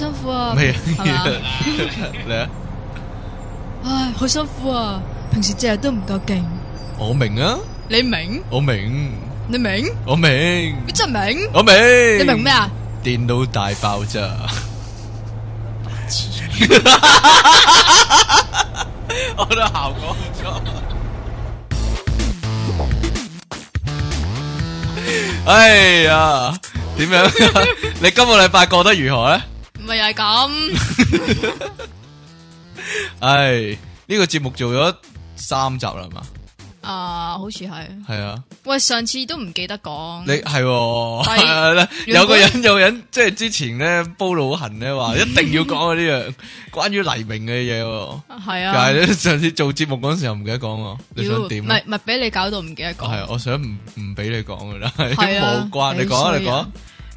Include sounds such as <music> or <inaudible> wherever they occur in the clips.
辛苦啊，係嘛？你啊！唉，好辛苦啊！平時成日都唔夠勁。我明啊，你明，我明，你明，我明，你真明，我明，你明咩啊？電腦大爆炸！我都校過咗。哎呀，點樣？你今個禮拜過得如何咧？咪又係咁，唉！呢個節目做咗三集啦嘛，啊，好似係，係啊。喂，上次都唔記得講，你係有個人有人即係之前咧煲老痕咧，話一定要講呢樣關於黎明嘅嘢，係啊。但係咧上次做節目嗰陣時又唔記得講，你想點？唔係唔係，俾你搞到唔記得講。係我想唔唔俾你講噶啦，係冇關。你講，你講。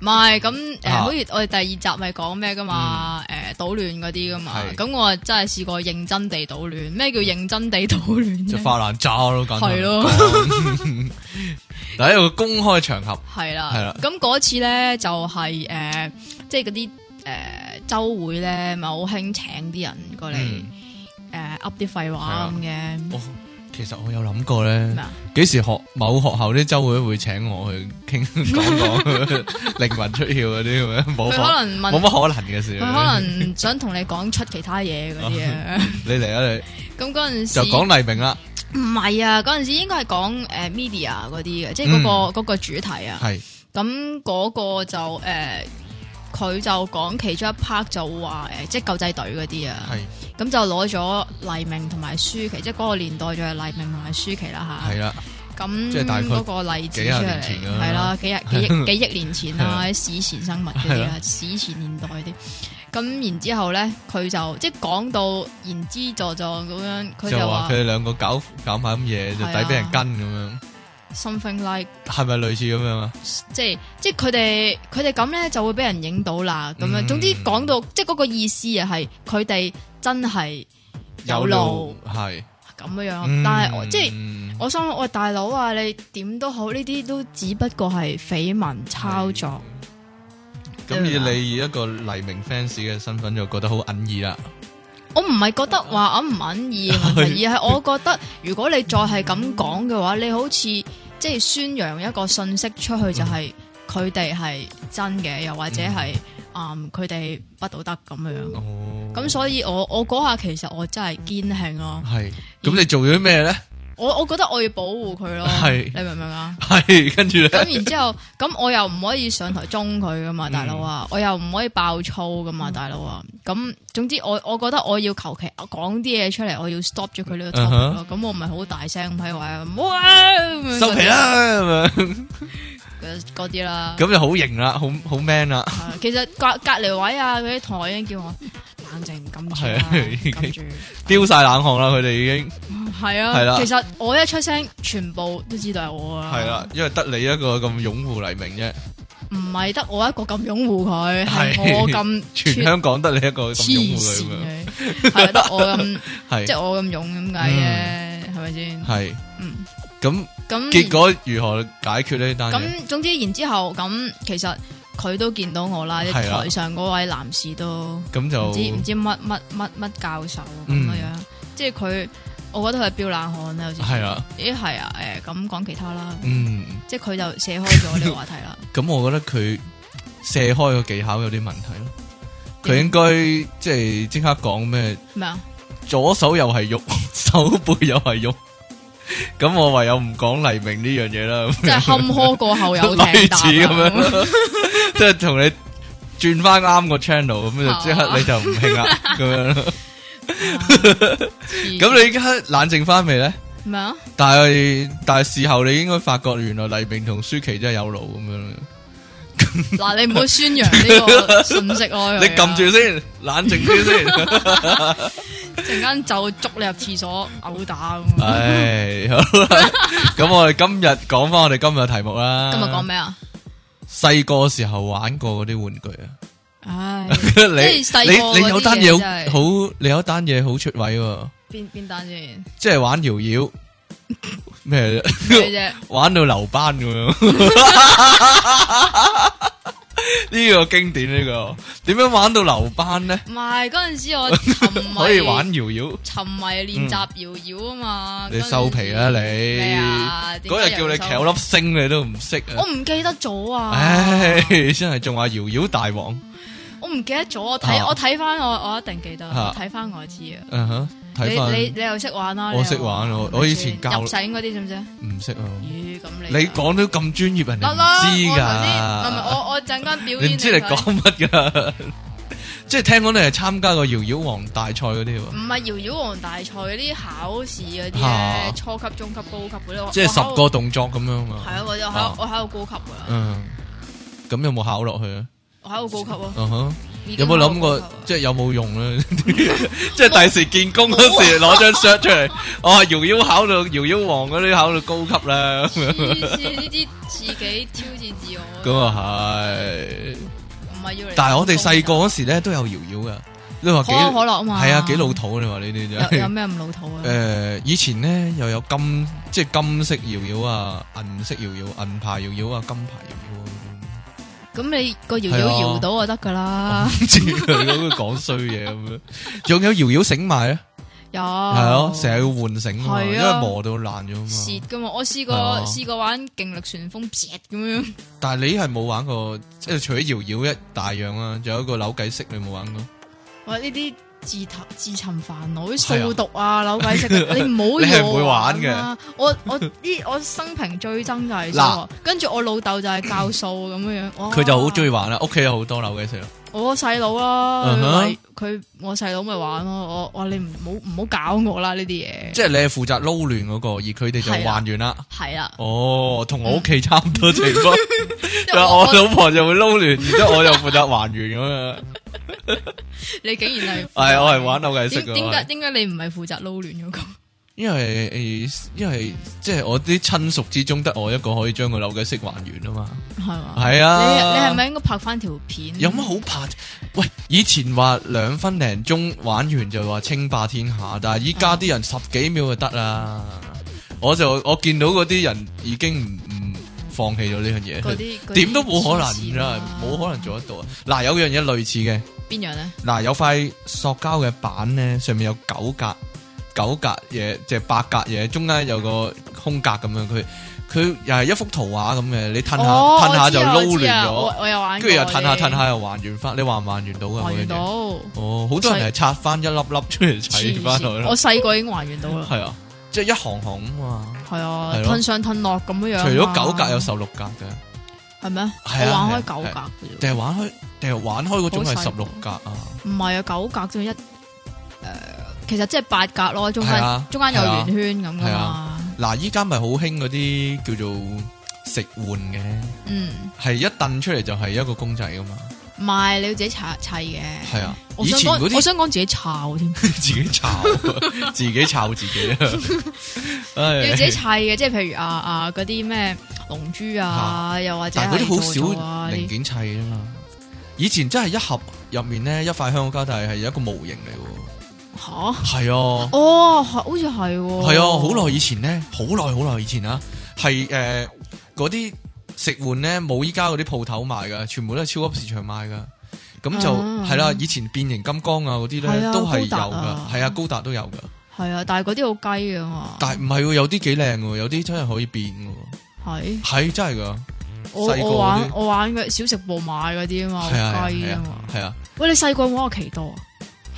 唔係咁，誒、呃，好似我哋第二集咪講咩噶嘛，誒、嗯，搗亂嗰啲噶嘛，咁是我真係試過認真地搗亂。咩叫認真地搗亂？就發爛渣咯，咁。係咯，第一個公開場合。係啦，係啦。咁嗰次咧就係、是、誒，即係嗰啲誒周會咧，咪好興請啲人過嚟誒，噏啲廢話咁嘅。的其實我有諗過咧，幾時學某學校啲周會會請我去傾，講講靈魂出竅嗰啲咁樣冇冇乜可能嘅事，佢可能想同你講出其他嘢嗰啲嘢。你嚟啊你！咁嗰陣時就講黎明啦。唔係啊，嗰陣時應該係講誒 media 嗰啲嘅，即係嗰個個主題啊。係。咁嗰個就誒，佢就講其中一 part 就話誒，即係救濟隊嗰啲啊。咁就攞咗黎明同埋舒淇，即係嗰個年代就係黎明同埋舒淇啦吓，係啦的，咁嗰、嗯、個例子出嚟，係啦、啊，幾億幾億幾億年前啦， <laughs> 史前生物嗰啲啊，是的 史前年代啲。咁、嗯、然之後咧，佢就即係講到言之鑿鑿咁樣，佢就話佢哋兩個搞搞下咁嘢就抵俾人跟咁樣。something like 係咪類似咁樣啊？即係即係佢哋佢哋咁咧，就會俾人影到啦。咁樣、mm, 總之講到即係嗰個意思啊，係佢哋真係有路係咁樣。Mm, 但係即係、mm, 我想諗，喂大佬啊，你點都好呢啲都只不過係緋聞炒作。咁而的你以一個黎明 fans 嘅身份，就覺得好唔滿意啦。我唔係覺得話我唔滿意 <laughs> 而係我覺得如果你再係咁講嘅話，你好似即係宣揚一個信息出去就係佢哋係真嘅，嗯、又或者係，嗯，佢哋不道德咁樣。咁、哦、所以我我嗰下其實我真係驚青咯。係，咁你做咗咩咧？我我覺得我要保護佢咯，是你明唔明啊？係跟住咧，咁然之後，後，咁我又唔可以上台中佢噶嘛，大佬啊！嗯、我又唔可以爆粗噶嘛，大佬啊！咁總之我，我我覺得我要求其講啲嘢出嚟，我要 stop 咗佢呢個 topic 咯。咁我唔係好大聲喺度話，好啊，收皮啦！ <laughs> 嗰啲啦，咁就好型啦，好好 man 啦。其實隔隔籬位啊，嗰啲同學已經叫我冷靜，噤住，噤住，飆晒冷汗啦。佢哋已經係啊，係啦。其實我一出聲，全部都知道係我啊。係啦，因為得你一個咁擁護黎明啫。唔係得我一個咁擁護佢，係我咁。全香港得你一個擁護佢，係得我咁。係即係我咁勇咁解嘅，係咪先？係。嗯。咁。咁結果如何解決咧？單嘢，咁總之，然之後咁，其實佢都見到我啦，台上嗰位男士都咁，就唔知唔知乜乜乜乜教授咁樣，即係佢，我覺得佢係飆冷汗啦，好似係啊，咦係啊，誒咁講其他啦，嗯，即係佢就卸開咗呢個話題啦。咁我覺得佢卸開個技巧有啲問題咯，佢應該即係即刻講咩？咩啊？左手又係肉，手背又係肉。咁、嗯、我唯有唔講黎明呢樣嘢啦，即係坎坷過後有甜，咁樣 <laughs> 即係同你轉翻啱個 channel，咁就即刻你就唔興啦，咁 <laughs> 樣。咁你依家冷靜翻未咧？咩啊？ <laughs> 麼但係但係事後你應該發覺，原來黎明同舒淇真係有路咁樣。嗱，你唔好宣揚呢個信息我，你撳住先，冷靜啲先，陣間就捉你入廁所毆打。唉，咁我哋今日講翻我哋今日嘅題目啦。今日講咩啊？細個時候玩過嗰啲玩具啊？唉，你你你有單嘢好，你有單嘢好出位。邊邊單先，即係玩搖搖。咩啫？玩到留班咁樣，呢個經典呢個，點樣玩到留班呢？唔係嗰陣時我可以玩瑤瑤，沉迷練習瑤瑤啊嘛。你收皮啊你！嗰日叫你求粒星你都唔識，我唔記得咗啊！唉，真係仲話瑤瑤大王，我唔記得咗。我睇我睇翻我，我一定記得。睇翻我知啊。嗯哼。你你你又識玩啦？我識玩我我以前教入洗嗰啲，使唔使？唔識啊！咦，咁你你講到咁專業啊？你唔知噶？我陣間表演，唔知你講乜噶？即係聽講你係參加過搖搖王大賽嗰啲喎？唔係搖搖王大賽嗰啲考試嗰啲，初級、中級、高級嗰啲。即係十個動作咁樣嘛？係啊，我喺我喺個高級噶。嗯，咁有冇考落去啊？我喺個高級啊。嗯哼。有冇諗過，即係有冇用咧？ <laughs> <laughs> 即係第時見工嗰時攞張相出嚟，我話搖搖考到搖搖王嗰啲，考到高級咧。呢啲 <laughs> 自己挑戰自我。咁啊係，唔係要嚟。但係我哋細個嗰時咧都有搖搖噶你話幾可樂啊嘛，係啊，幾老土你話呢啲就。有咩唔老土啊？誒，以前咧又有金即係金色搖搖啊，銀色搖搖、銀牌搖搖啊，金牌搖搖。咁你個搖搖搖到就得噶啦，唔知佢喺度講衰嘢咁樣，仲 <laughs> 有搖搖繩賣啊？有，係啊，成日要換繩，啊、因為磨到爛咗啊嘛。蝕噶嘛，我試過試、啊、過玩勁力旋風，撇咁樣。但係你係冇玩過，即係除咗搖搖一大樣啊，仲有一個扭計式，你冇玩過？我呢啲。自投自尋煩惱啲數獨啊，扭計骰，你唔好以為我會玩㗎。我我呢，我生平最憎就係數學， <laughs> 跟住我老豆就係教數咁 <coughs> 樣。佢就好中意玩啦，屋企有好多扭計骰。我細佬啦，佢我細佬咪玩咯，我，弟弟、啊、我話你唔好唔好搞我啦呢啲嘢。即係你係負責撈亂嗰個，而佢哋就還原啦。係啦、啊。啊、哦，同我屋企差唔多情況，我老婆就會撈亂，然之後我又負責還原咁樣。 <laughs> <laughs> 你竟然係？係、哎、我係玩鬥地主。點解點解你唔係負責撈亂嗰個？因為因為即係我啲親屬之中得我一個可以將個扭計骰還原啊嘛，係嘛吧？係啊，你你係咪應該拍翻條片？有乜好拍？喂，以前話兩分零鐘玩完就話稱霸天下，但係依家啲人十幾秒就得啦。啊、我就我見到嗰啲人已經唔唔放棄咗呢樣嘢，點都冇可能啦，冇、啊、可能做得到啊！嗱、啊，有樣嘢類似嘅，邊樣咧？嗱，有塊塑膠嘅板咧，上面有九格。九格嘢即係八格嘢，中間有個空格咁樣。佢佢又係一幅圖畫咁嘅，你褪下褪下就撈亂咗。跟住又褪下褪下又還原翻，你還唔還原到嘅？還原到哦，好多人係拆翻一粒粒出嚟砌翻嚟。我細個已經還原到啦。係啊，即係一行行啊嘛。係啊，褪上褪落咁樣。除咗九格有十六格嘅，係咩？我玩開九格，定係玩開定係玩開嗰種係十六格啊？唔係啊，九格就一誒。其實即係八格咯，中間中間有圓圈咁噶嘛。嗱，依家咪好興嗰啲叫做食玩嘅，嗯，係一掟出嚟，就係一個公仔噶嘛。唔係，你要自己砌砌嘅。係啊,以前我想講自己炒添，自己炒，自己炒自己。要自己砌嘅，即係譬如啊啊嗰啲咩龍珠啊，又或者嗰啲好少零件砌噶嘛。以前真係一盒入面呢，一塊香口膠，但係有一個模型嚟。吓，係啊！哦，好似係，係啊，好耐以前咧，好耐好耐以前啊！係誒，嗰啲食玩咧，冇依家嗰啲鋪頭賣噶，全部都係超級市場賣噶。咁就係啦，以前變形金剛啊嗰啲咧，都係有噶。係啊，高達都有噶。係啊，但係嗰啲好雞噶嘛。但係唔係有啲幾靚嘅，有啲真係可以變嘅。係係真係噶，我玩我玩小食部買嗰啲啊嘛，好雞啊係啊。喂，你細個玩過奇多啊？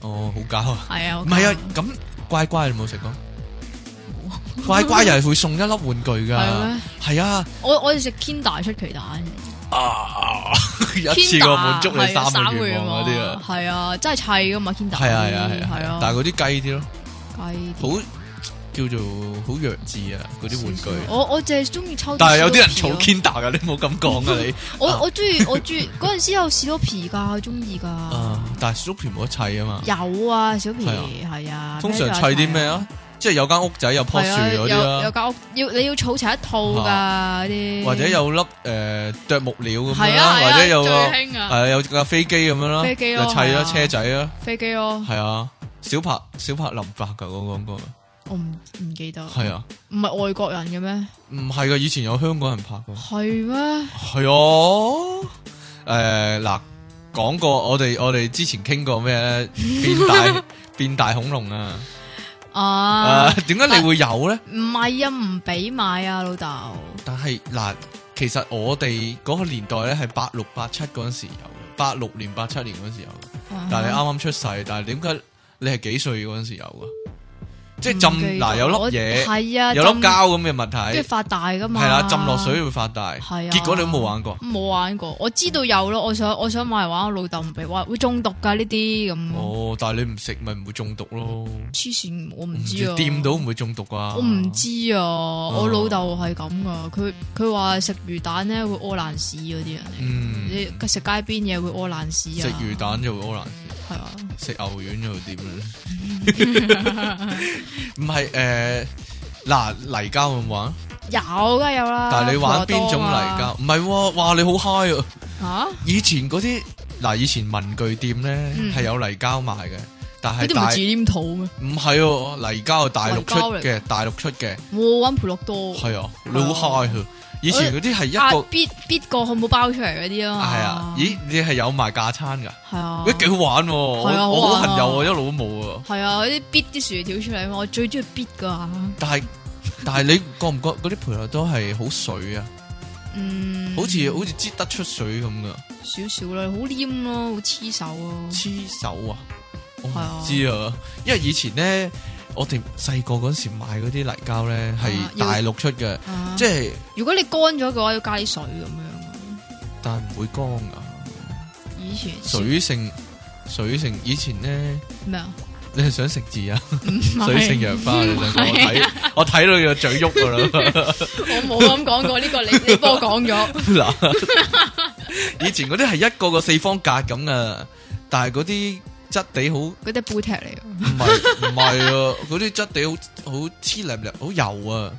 哦，好搞啊！係啊，唔係啊，咁乖乖你冇食過？乖乖又係會送一粒玩具噶，係 <laughs> 嗎啊，我我食 Kinder 出奇蛋，啊，Kinder？ <laughs> 一次過滿足你三個願望嗰啲啊，係些啊，真係砌噶嘛 Kinder 係啊係啊係啊，啊但係嗰啲雞啲咯，雞好。叫做好弱智啊！嗰啲玩具，我我淨係中意抽，但係有啲人儲 Kinder 噶，你冇咁講啊！你我我中意我中意嗰陣時有小皮噶，中意噶。嗯，但係小皮冇得砌啊嘛。有啊，小皮係啊。通常砌啲咩啊？即係有間屋仔，有棵樹咗啦。有有間屋，要你要儲齊一套噶啲。或者有粒誒啄木鳥咁樣啊，或者有最興啊，係有架飛機咁樣啦，砌咗車仔啊。飛機咯。係啊，小柏，小柏林伯。噶嗰個。我唔唔記得。係啊，唔係外國人嘅咩？唔係噶，以前有香港人拍過噶。係咩嗎？係啊、哦。誒、呃，嗱，講過我哋我哋之前傾過咩變大 <laughs> 變大恐龍啊。啊，誒，點解你會有咧？唔係啊，唔俾、啊、買啊，老豆。但係嗱，其實我哋嗰個年代咧係八六八七嗰陣時有，八六年八七年嗰陣時有、啊但剛剛。但係你啱啱出世，但係點解你係幾歲嗰陣時有噶？即係浸嗱，有粒嘢，有粒膠咁嘅物體，即係發大噶嘛？係啦，浸落水會發大。係啊，結果你都冇玩過。冇玩過，我知道有咯。我想我想買嚟玩，我老豆唔俾。話會中毒噶呢啲咁。哦，但係你唔食咪唔會中毒咯？黐線，我唔知啊。掂到唔會中毒啊？我唔知啊，我老豆係咁噶。佢佢話食魚蛋咧會屙爛屎嗰啲人嚟，你食街邊嘢會屙爛屎啊？食魚蛋就會屙爛屎。食牛丸又點咧？唔係誒，嗱、呃、泥膠玩唔玩？有噶有啦。但係你玩邊種泥膠？唔係喎，哇，哇你好 high 啊！啊以前嗰啲嗱，以前文具店咧係、嗯、有泥膠賣嘅，但係啲唔止黏土嘅。唔係哦，泥膠大陸出嘅，大陸出嘅。哇，我玩培樂多係啊，你好 high、啊。以前嗰啲係一個 b i 個可唔可包出嚟嗰啲啊？係啊，咦，你係有賣架餐噶？係啊，都幾好玩，我好朋友我一路都冇啊。係啊，啲 b 啲薯條出嚟嘛，我最中意 b i 噶。但係但係你覺唔覺嗰啲配料都係好水啊？嗯，好似好似擠得出水咁噶，少少啦，好黏咯，好黐手啊！黐手啊，我唔知啊，因為以前咧。我哋細個嗰時買嗰啲泥膠咧，係大陸出嘅，啊、即係是如果你乾咗嘅話，要加啲水咁樣。但係唔會乾啊！以前水性水性以前咧咩啊？麼你係想食字啊？是水性楊花，你睇我睇到佢個嘴喐噶啦！我冇咁講過呢、這個，你你幫我講咗嗱。 <laughs> 以前嗰啲係一個個四方格咁啊，但係嗰啲。質地好，嗰隻布貼嚟嘅，唔係唔係啊！嗰啲質地好好黏嚟嚟，好油啊。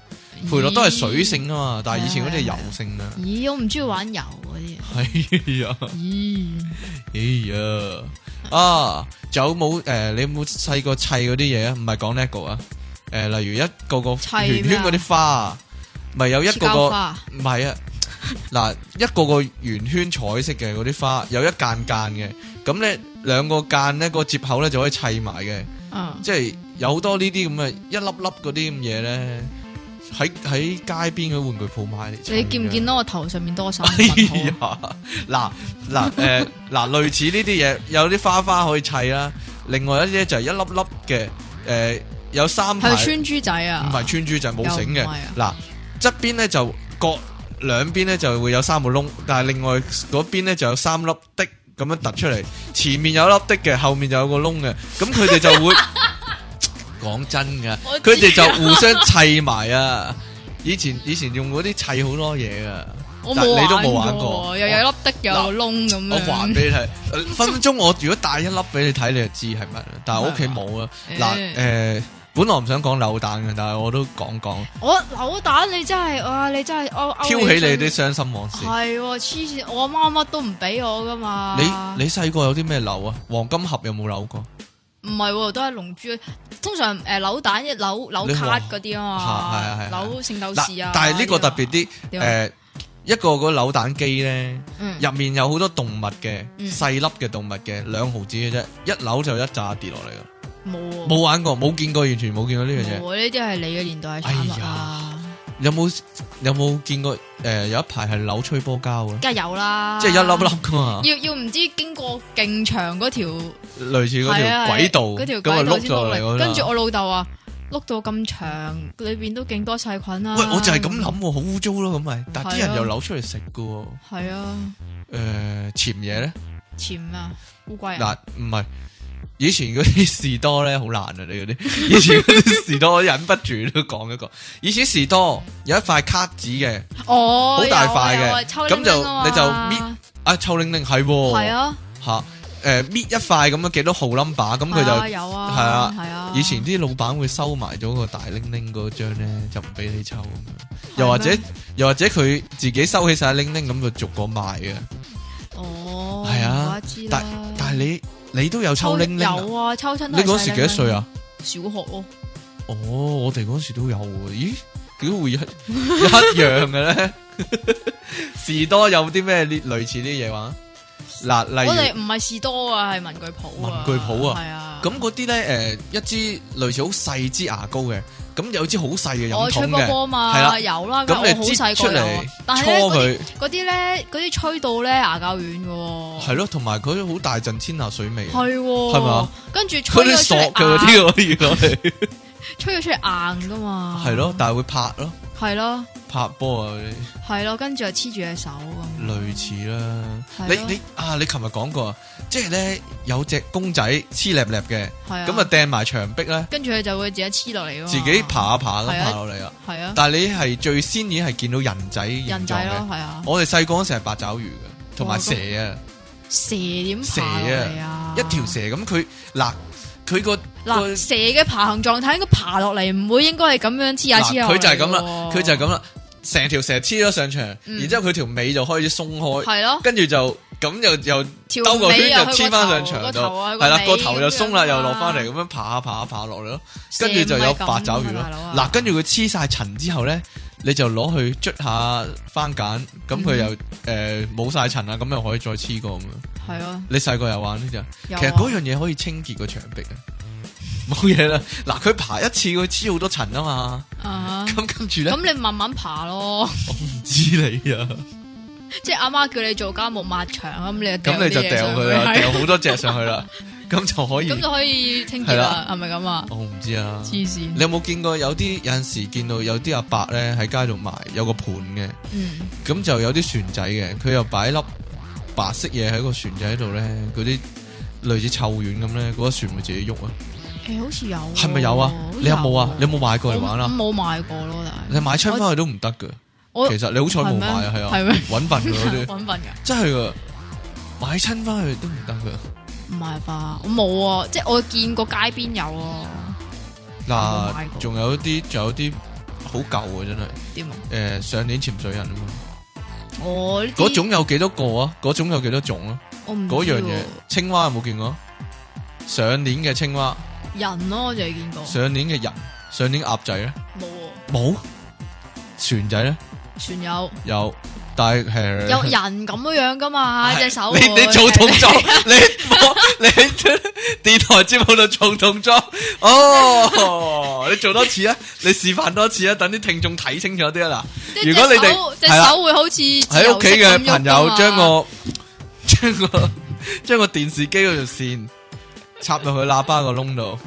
培樂都係水性啊嘛，但係以前嗰隻油性啦。咦，我唔中意玩油嗰啲。係啊。咦，哎呀，啊，有冇誒，你有冇細個砌嗰啲嘢啊？唔係講呢一個啊，誒，例如一個個圓圈嗰啲花啊，唔係有一個個，唔係啊，嗱，一個個圓圈彩色嘅嗰啲花，有一間間嘅，咁咧。兩個間咧、嗰個接口咧就可以砌埋嘅，嗯、即係有好多呢啲咁嘅一粒粒嗰啲咁嘢咧，喺喺街邊嘅玩具鋪買你見唔見到我頭上面多手？嗱嗱誒，嗱、 <laughs> 呃、類似呢啲嘢，有啲花花可以砌啦。另外一啲咧就係一粒粒嘅，誒、呃、有三排穿珠仔啊，唔係穿珠仔冇繩嘅。嗱，側邊咧就各兩邊咧就會有三個窿，但係另外嗰邊咧就有三粒的。咁樣突出嚟，前面有粒的嘅，後面就有個窿嘅，咁佢哋就會講真噶，佢哋就互相砌埋啊！以前以前用嗰啲砌好多嘢噶，你都冇玩過，又有粒的又有窿咁樣。我還俾你睇，分分鐘我如果帶一粒俾你睇，你就知係咪。但係我屋企冇啊。嗱，誒。本來唔想講扭蛋嘅，但係我都講講。我、哦、扭蛋你真係啊！你真係挑起你啲傷心往事。係、哦，黐線！我阿媽乜都唔俾我噶嘛。你你細個有啲咩扭啊？黃金盒有冇扭過？唔係、哦，都係龍珠。通常誒、呃、扭蛋一扭扭卡嗰啲啊嘛。係係、啊啊啊、扭聖鬥士啊。但係呢個特別啲誒，一個嗰扭蛋機咧，入、嗯、面有好多動物嘅細粒嘅動物嘅兩毫子嘅啫，一扭就一扎跌落嚟噶。冇冇玩過，冇見過，完全冇見過呢樣嘢。呢啲係你嘅年代係產物啊！有冇有冇見過？誒、呃，有一排係扭吹波膠啊。梗係有啦，即係一粒粒噶嘛。要要唔知經過勁長嗰條，類似嗰條軌道，嗰條軌道先碌落嚟。跟住我老豆啊，碌到咁長，裏邊都勁多細菌啊。喂，我就係咁諗，好污糟咯咁咪。啊、但啲人又扭出嚟食噶。係啊。誒、呃，潛嘢咧？潛啊，烏龜、啊。嗱、啊，唔係。以前嗰啲士多咧好難啊，你嗰啲以前嗰啲士多我忍不住都講一個，以前士多有一塊卡紙嘅，哦，好大塊嘅，咁就你就搣啊，抽鈴鈴係，係啊，吓，誒搣一塊咁樣幾多號 number，咁佢就係啊，係啊，以前啲老闆會收埋咗個大鈴鈴嗰張咧，就唔俾你抽，又或者又或者佢自己收起晒鈴鈴咁就逐個賣嘅，哦，係啊，但但係你。你都有抽拎拎？有啊，抽春。你嗰時幾歲啊？小學咯、啊。哦，我哋嗰時都有、啊。咦，點會一 <laughs> 一樣嘅咧？士 <laughs> 多有啲咩呢？類似啲嘢話？嗱，例如我哋唔係士多啊，係文具鋪，文具鋪啊，係啊。咁嗰啲咧，誒一支類似好細支牙膏嘅，咁有支好細嘅牙桶，我吹過波嘛，係啦，有啦。咁你擠出嚟，搓佢。嗰啲咧，嗰啲吹到咧牙膠軟嘅。係咯，同埋佢好大陣天拿水味。係，係嘛？跟住吹個鑊。嗰啲索㗎啲喎，原來吹咗出嚟硬噶嘛？係咯，但係會拍咯。係咯，拍波啊！係咯，跟住就黐住隻手咁。類似啦，你你啊，你琴日講過，即係咧有隻公仔黐粒粒嘅，咁啊掟埋牆壁咧，跟住佢就會自己黐落嚟咯。自己爬一爬咯，爬落嚟啊。係啊。但係你係最先已經係見到人仔人仔咯，係啊。我哋細個嗰時係八爪魚嘅，同埋蛇啊，蛇點蛇啊，一條蛇咁佢嗱。佢、那個嗱蛇嘅爬行狀態應該爬落嚟，唔會應該係咁樣黐下黐下。佢就係咁啦，佢就係咁啦，成條蛇黐咗上牆，嗯、然之後佢條尾就開始鬆開，係咯、嗯，跟住就咁又又兜個圈就黐翻上牆度，係啦，個頭又後鬆啦，啊、又落翻嚟咁樣爬下爬下爬落嚟咯，跟住、啊、就有八爪魚咯，嗱，跟住佢黐晒塵之後咧。你就攞去捽下番梘，咁佢又誒，冇晒塵啊，咁又、嗯呃、可以再黐過咁樣。係啊，你細個又玩呢隻，玩其實嗰樣嘢可以清潔個牆壁啊，冇嘢啦。嗱，佢爬一次佢黐好多塵啊嘛。啊，咁跟住咧,咁你慢慢爬咯。我唔知你啊，即係阿媽叫你做家務抹牆啊，咁你咁你就掉佢啦，掉好多隻上去啦。 <laughs> <laughs> 咁就可以，咁就可以清潔啦，係咪咁啊？我唔知啊，黐線！你有冇見過有啲有陣時見到有啲阿伯咧，喺街度賣有個盤嘅，咁就有啲船仔嘅，佢又擺粒白色嘢，喺個船仔度咧，嗰啲類似臭丸咁咧，嗰個船會自己喐啊？誒，好似有，係咪有啊？你有冇啊？你有冇買過嚟玩啊？冇買過咯，但係你買親翻去都唔得噶。其實你好彩冇買啊，係啊，係咩？揾笨嗰啲，揾笨噶，真係噶，買親翻去都唔得噶。唔係吧？我冇啊，即係我見過街邊有啊。嗱，仲有啲，仲有啲好舊啊，真係。點啊？誒，上年潛水人啊嘛。我嗰種有幾多個啊？嗰種有幾多種啊？我唔嗰樣嘢，青蛙有冇見過？上年嘅青蛙。人咯，就係見過。上年嘅人，上年鴨仔咧？冇。冇。船仔咧？船友。有。有人咁樣樣噶嘛？隻手你做動作，你你電台節目度做動作哦，你做多次啊，你示範多次啊，等啲聽眾睇清楚啲啦。如果你哋隻手會好似喺屋企嘅朋友將個將個將個電視機嗰條線插入去喇叭個窿度。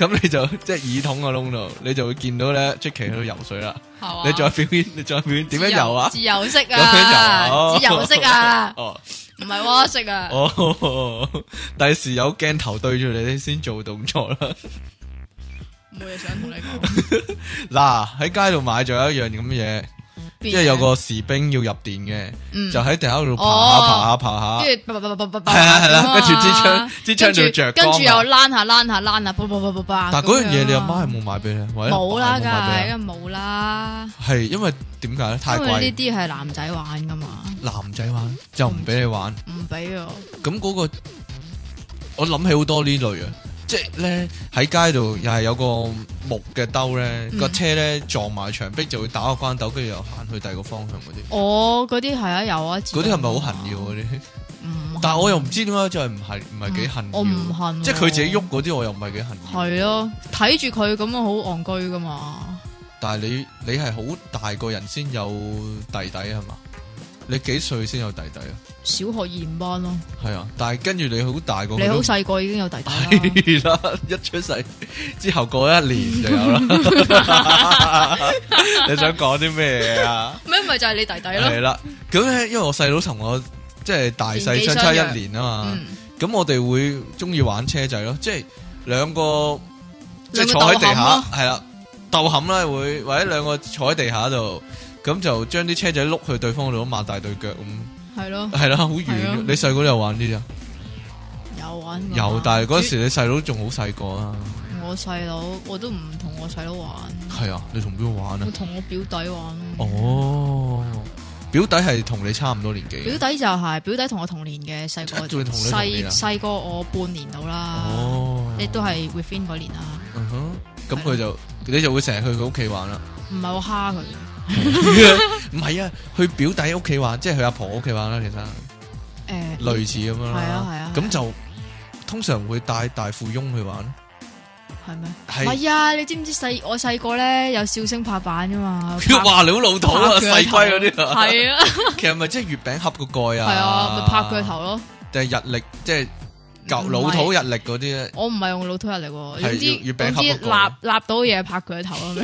咁你就即係耳筒個窿度，你就會見到咧，積淇喺度游水啦。啊、你再表演，你再表演，點樣游啊自？自由式啊， <laughs> 啊哦、自由式啊，哦，唔係蛙式啊。哦，第、哦、 <laughs> <laughs> 時有鏡頭對住你，你先做動作 <laughs> <laughs> 啦。冇嘢想同你講。嗱，喺街度買咗一樣咁嘅嘢。即係有個士兵要入電嘅，就喺地下度爬下爬下爬下，跟住係啦，跟住支槍支槍就着，跟住又躝下躝下躝下，叭叭叭叭叭。但嗰樣嘢你阿媽係冇買俾你，冇啦，梗係冇啦。係因為點解咧？太貴。呢啲係男仔玩噶嘛？男仔玩就唔俾你玩，唔俾。咁嗰個我諗起好多呢類啊。即係咧喺街度又係有個木嘅兜咧，嗯、個車咧撞埋牆壁就會打個關斗，跟住又行去第二個方向嗰啲。哦，嗰啲係啊有啊。嗰啲係咪好痕要嗰啲？但係我又唔知點解就係唔係唔係幾痕。我唔痕，即係佢自己喐嗰啲，我又唔係幾痕。係咯，睇住佢咁啊，好戇居噶嘛。但係你你係好大個人先有弟弟係嘛？你幾歲先有弟弟啊？小學二年班咯，啊。係啊，但係跟住你好大個，你好細個已經有弟弟啦。 <laughs> 一出世之後過一年就有啦。 <laughs> <laughs> 你想講啲咩啊？咩咪 <laughs> 就係、是、你弟弟咯。係啦，咁咧，因為我細佬同我即係大細相差一年啊嘛。咁，嗯、我哋會中意玩車仔咯，即係兩個，兩個、啊、即係坐喺地下係啦，鬥冚啦，啊，會或者兩個坐喺地下度。咁就將啲車仔碌去對方嗰度，擘大對腳咁。係咯，係啦，好遠。你細個都有玩呢啲啊？有玩。有，但係嗰時你細佬仲好細個啊。我細佬，我都唔同我細佬玩。係啊，你同邊個玩啊？我同我表弟玩。哦，表弟係同你差唔多年紀。表弟就係表弟同我同年嘅，細個，細細個我半年到啦。哦，你都係 within 嗰年啊。嗯哼，咁佢就你就會成日去佢屋企玩啦。唔係我蝦佢。唔係啊，去表弟屋企玩，即係去阿婆屋企玩啦。其實，誒，類似咁樣係啊，係啊。咁就通常會帶大富翁去玩咧。係咩？係啊，你知唔知細我細個咧有笑聲拍板啫嘛？話你好老土啊，細龜嗰啲啊。係啊。其實咪即係月餅盒個蓋啊？係啊，咪拍佢個頭咯。定係日曆，即係舊老土日曆嗰啲咧。我唔係用老土日曆喎，總之總之，立立到嘢，拍佢個頭啊。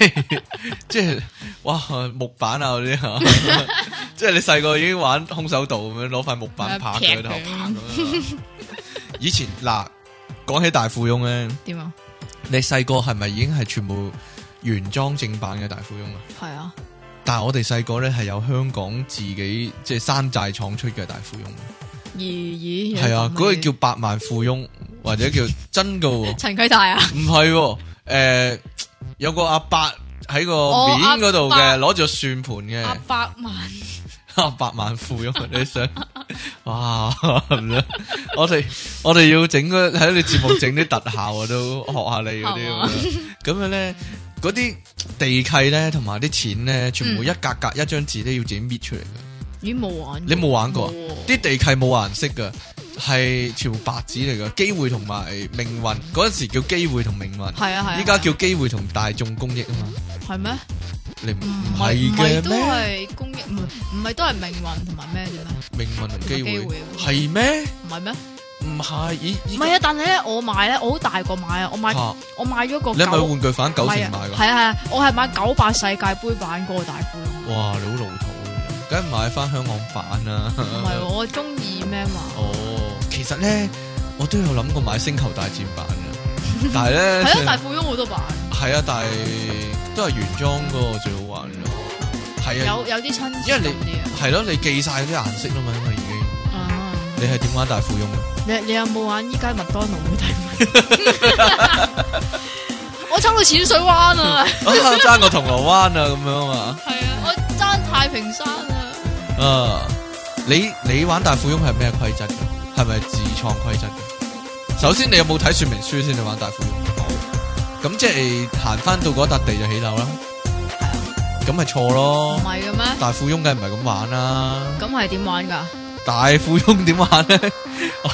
<laughs> 即係哇木板啊嗰啲吓， <laughs> <laughs> 即係你細個已經玩空手道咁樣，攞塊木板拍佢頭，拍咁樣。 <laughs> 以前嗱，講起大富翁咧，點啊樣？你細個係咪已經係全部原裝正版嘅大富翁啊？係啊，但係我哋細個咧係有香港自己即係山寨廠出嘅大富翁。咦咦、嗯，係、嗯嗯嗯、啊，嗰、嗯、個叫八萬富翁 <laughs> 或者叫真噶？陳啟大啊？唔、呃、係，誒。有個阿伯喺個面嗰度嘅，攞住個算盤嘅，阿百萬，阿、啊、百萬富翁你想， <laughs> 哇，咁樣， <laughs> 我哋我哋要整個喺你節目整啲特效啊， <laughs> 都學下你嗰啲咁樣，咁樣咧， <laughs> 嗰啲地契咧，同埋啲錢咧，全部一格格一張紙都要自己搣出嚟嘅，你冇玩，你冇玩過，啲、哦、地契冇顏色噶。係朝白紙嚟噶，機會同埋命運，嗰陣時叫機會同命運，係啊係，依家叫機會同大眾公益啊嘛，係咩？你唔係嘅都係公益，唔唔係都係命運同埋咩嘢命運同機會係咩？唔係咩？唔係？咦？唔係啊！但係咧，我買咧，我好大個買啊！我買我買咗個九，你係咪玩具反九成買噶，係啊係，我係買九八世界杯版個大副。哇！你好老土。梗係買翻香港版啦、啊，唔係、啊、我中意咩嘛？哦，其實咧我都有諗過買星球大戰版嘅，但係咧係啊，大富翁好多版，係啊，但係都係原裝個最好玩嘅，係啊，啊有有啲親，因為你係咯、啊，你記晒啲顏色啦嘛，已經，啊、你係點玩大富翁你？你你有冇玩依家麥當勞嘅？ <laughs> <laughs> 我爭到淺水灣 <laughs> 啊，我爭個銅鑼灣啊，咁樣啊。係啊，我爭太平山啊。啊，uh, 你你玩大富翁係咩規則？係咪自創規則？首先你有冇睇說明書先？你玩大富翁。哦，咁、oh. 即係行翻到嗰笪地就起樓啦。係啊。咁係錯咯。唔係嘅咩？大富翁梗唔係咁玩啦、啊。咁係點玩噶？大富翁點玩咧？ <laughs>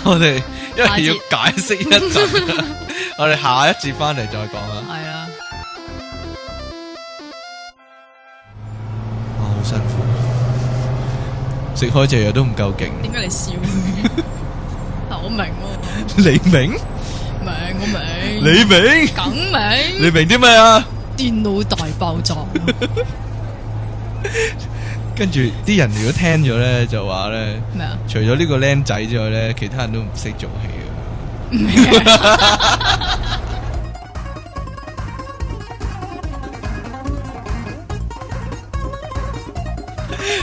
我哋因為要次解釋一陣， <laughs> 我哋下一節翻嚟再講。食開隻嘢都唔夠勁，點解你笑？但我明，明明你明，明我明，你明梗明，你明啲咩啊？電腦大爆炸，跟住啲人如果聽咗咧，就話咧， <laughs> 麼除咗呢個僆仔之外咧，其他人都唔識做戲。什麼 <laughs>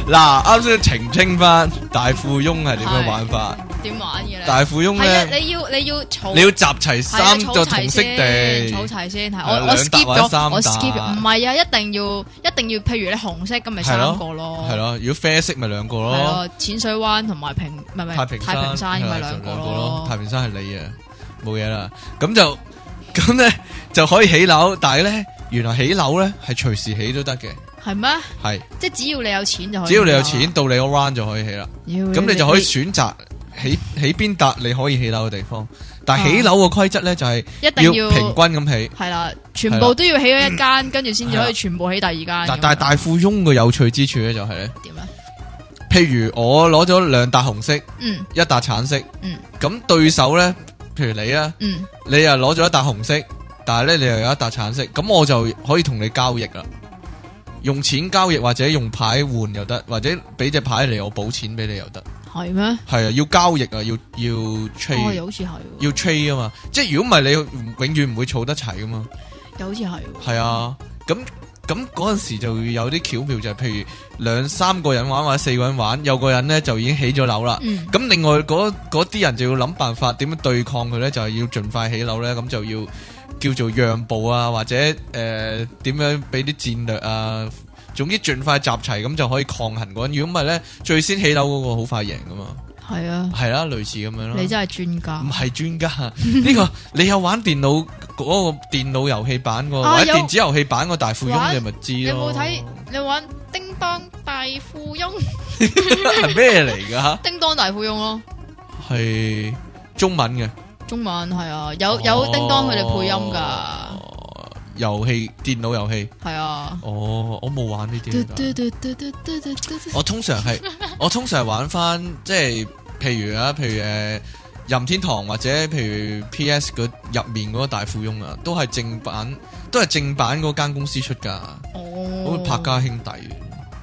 嗱，啱先澄清翻，大富翁係點樣玩法？點玩嘅咧？大富翁咧，你要你要你要集齊三就同色地，儲齊先。我我 skip 咗，我 skip 唔係啊，一定要一定要，譬如你紅色咁咪三個咯，係咯。如果啡色咪兩個咯。淺水灣同埋平唔係唔係太平山，咪兩個咯。太平山係你啊，冇嘢啦。咁就咁咧，就可以起樓。但係咧，原來起樓咧係隨時起都得嘅。係咩？係，即係只要你有錢就可以。只要你有錢到你個 round 就可以起啦。咁你就可以選擇起起邊笪你可以起樓嘅地方。但係起樓嘅規則咧就係一定要平均咁起。係啦，全部都要起咗一間，跟住先至可以全部起第二間。但係大富翁嘅有趣之處咧就係咧點啊？譬如我攞咗兩笪紅色，嗯，一笪橙色，嗯，咁對手咧，譬如你啊，嗯，你又攞咗一笪紅色，但係咧你又有一笪橙色，咁我就可以同你交易啦。用錢交易或者用牌換又得，或者俾隻牌嚟我補錢俾你又得。係咩？係啊，要交易啊，要要 trade。哦，又好似係。要 trade 啊嘛，即係如果唔係你永遠唔會儲得齊噶嘛。又好似係。係啊，咁咁嗰陣時就有啲巧妙就係，譬如兩三個人玩或者四個人玩，有個人咧就已經起咗樓啦。咁、嗯、另外嗰啲人就要諗辦法點樣對抗佢咧，就係要盡快起樓咧，咁就要。叫做讓步啊，或者誒、呃、點樣俾啲戰略啊，總之盡快集齊咁就可以抗衡。如果唔係咧，最先起樓嗰個好快贏噶嘛。係啊，係啦、啊，類似咁樣咯。你真係專家，唔係專家。呢、 <laughs> 呢個你有玩電腦嗰、嗰個電腦遊戲版個，啊、或者電子遊戲版個大富翁你咪知咯。你有冇睇你玩《叮當大富翁》玩？係咩嚟噶？《叮當大富翁》咯 <laughs> <laughs> 係 <laughs> <laughs> 中文嘅。中文係啊，有有叮噹佢哋配音噶，遊戲、哦、電腦遊戲係啊，哦，我冇玩呢啲，我通常係我通常係玩翻即係譬如啊，譬如誒、啊、任天堂或者譬如 P S 入面嗰個大富翁啊，都係正版，都係正版嗰間公司出噶，哦，好似、嗯、柏家兄弟，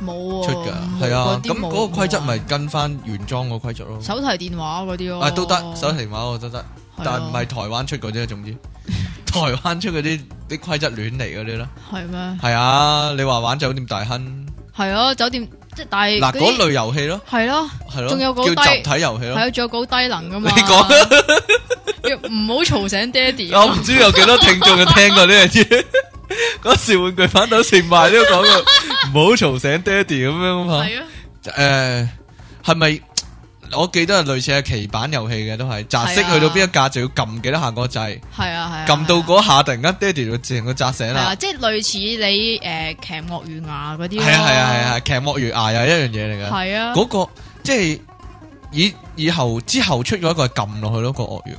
冇出噶，係啊，咁嗰個規則咪跟翻原裝個規則咯，手提電話嗰啲咯，啊都得，手提電話我都得。但唔係台灣出嗰啫，總之台灣出嗰啲啲規則亂嚟嗰啲咯。係咩？係啊，你話玩酒店大亨？係啊，酒店即係大嗱嗰類遊戲咯。係咯，係咯。仲有嗰叫集體遊戲咯。係啊，仲有嗰低能噶嘛？你講唔好吵醒爹哋。我唔知有幾多聽眾係聽過呢樣嘢。嗰時玩具反斗城賣呢個講過唔好吵醒爹哋咁樣嘛。係啊。誒，係咪？我記得係類似係棋板遊戲嘅，都係扎色去到邊一格就要撳幾多下個掣，係啊係啊，撳、啊啊、到下突然間爹哋就成個扎醒啦，即係類似你誒《劇、呃、鱷魚牙》啲係啊係啊係啊，《劇鱷魚牙》又係一樣嘢嚟嘅，係啊個即係以以後之後出咗一個係撳落去咯個鱷魚。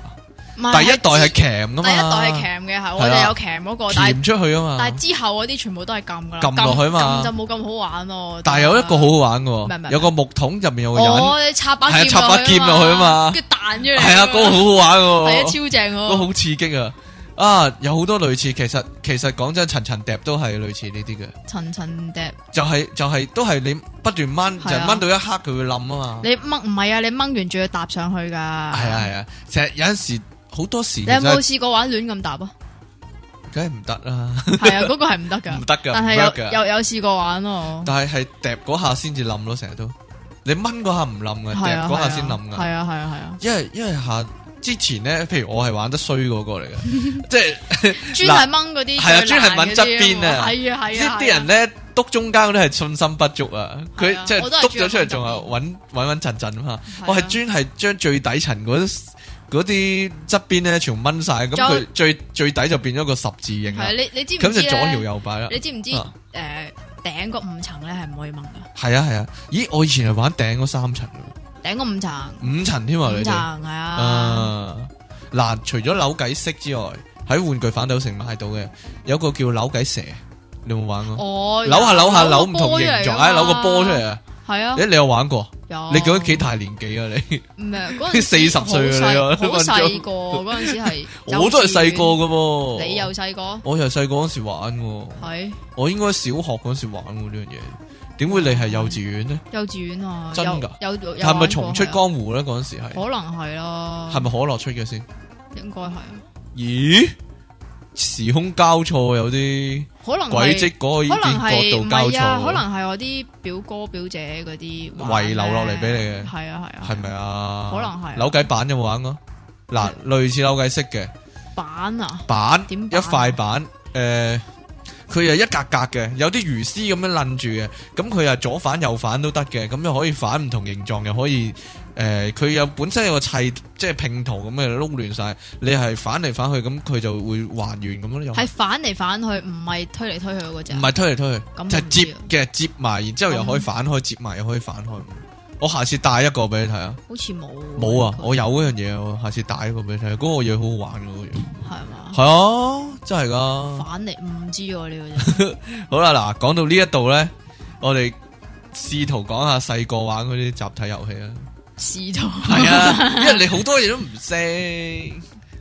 第一代係鉗嘛，第一代係鉗嘅嚇，我哋有鉗嗰個，但出唔出去啊嘛？但係之後嗰啲全部都係撳噶，撳落去嘛，撳就冇咁好玩咯。但係有一個好好玩嘅，有個木桶入面有個，哦，插把劍，插把劍落去啊嘛，跟彈出嚟，係啊，嗰個好好玩嘅，係啊，超正嘅，都好刺激啊！啊，有好多類似，其實其實講真，層層疊都係類似呢啲嘅，層層疊就係就係都係你不斷掹，就掹到一刻佢會冧啊嘛。你掹唔係啊？你掹完仲要搭上去㗎。係啊係啊，成日有陣時。好多時你有冇試過玩亂咁搭啊？梗係唔得啦！係啊，嗰個係唔得噶，唔得噶。但係有又有試過玩咯。但係係掟嗰下先至冧咯，成日都你掹嗰下唔冧噶，掟嗰下先冧噶。係啊，係啊，係啊。因為因為下之前咧，譬如我係玩得衰個過嚟嘅，即係專係掹嗰啲係啊，專係揾側邊啊。係啊，係啊，係啊。啲人咧篤中間嗰啲係信心不足啊。佢即係篤咗出嚟，仲係揾穩穩陣陣啊嘛。我係專係將最底層嗰。嗰啲側邊咧全掹晒，咁佢最最底就變咗個十字形。係，你你知唔知咁就左搖右擺啦？你知唔知誒頂個五層咧係唔可以掹噶？係啊，係啊，咦我以前係玩頂個三層嘅，頂個五層，五層添啊！五層係啊。嗱，除咗扭計骰之外，喺玩具反斗城買到嘅有一個叫扭計蛇，你有冇玩過？扭下扭下扭唔同形狀，扭個波出嚟啊！係啊，你有玩過？Yeah. 你究竟幾大年紀啊？你唔係嗰四十歲啦，好細個嗰陣時係，我都係細個噶喎，你， <laughs> 你又細個，我又細個嗰陣時玩喎，係是我應該小學嗰陣時玩呢樣嘢，點、這個、會你係幼稚園呢？幼稚園啊，真噶？係咪重出江湖咧？嗰陣時係，可能係啦、啊。係咪可樂出嘅先？應該係、啊。咦？ <noise> 時空交錯，有啲。可能軌跡嗰個已經過度交錯，可能係我啲表哥表姐嗰啲遺留落嚟俾你嘅。係啊係啊，係咪啊？可能係扭計板有冇玩過？嗱，類似扭計式嘅板啊，板，板啊、一塊板，誒、呃，佢係一格格嘅，有啲魚絲咁樣楞住嘅，咁佢又左反右反都得嘅，咁又可以反唔同形狀，又可以。誒，佢、呃、有本身有個砌即係拼圖咁嘅，碌亂晒，你係反嚟反去咁，佢就會還原咁咯，又係反嚟反去，唔係推嚟推去嗰隻，唔係推嚟推去，咁就係接嘅，接埋，然之後又可以反開，嗯、接埋，又可以反開。我下次帶一個俾你睇啊，好似冇冇啊，我有嗰樣嘢，我下次帶一個俾你睇，嗰個嘢好好玩嘅嗰樣，係嘛？係啊，真係噶，反嚟唔知喎，呢個好啦，嗱，講到呢一度咧，我哋試圖講下細個玩嗰啲集體遊戲啊。試套係啊，因為你好多嘢都唔識。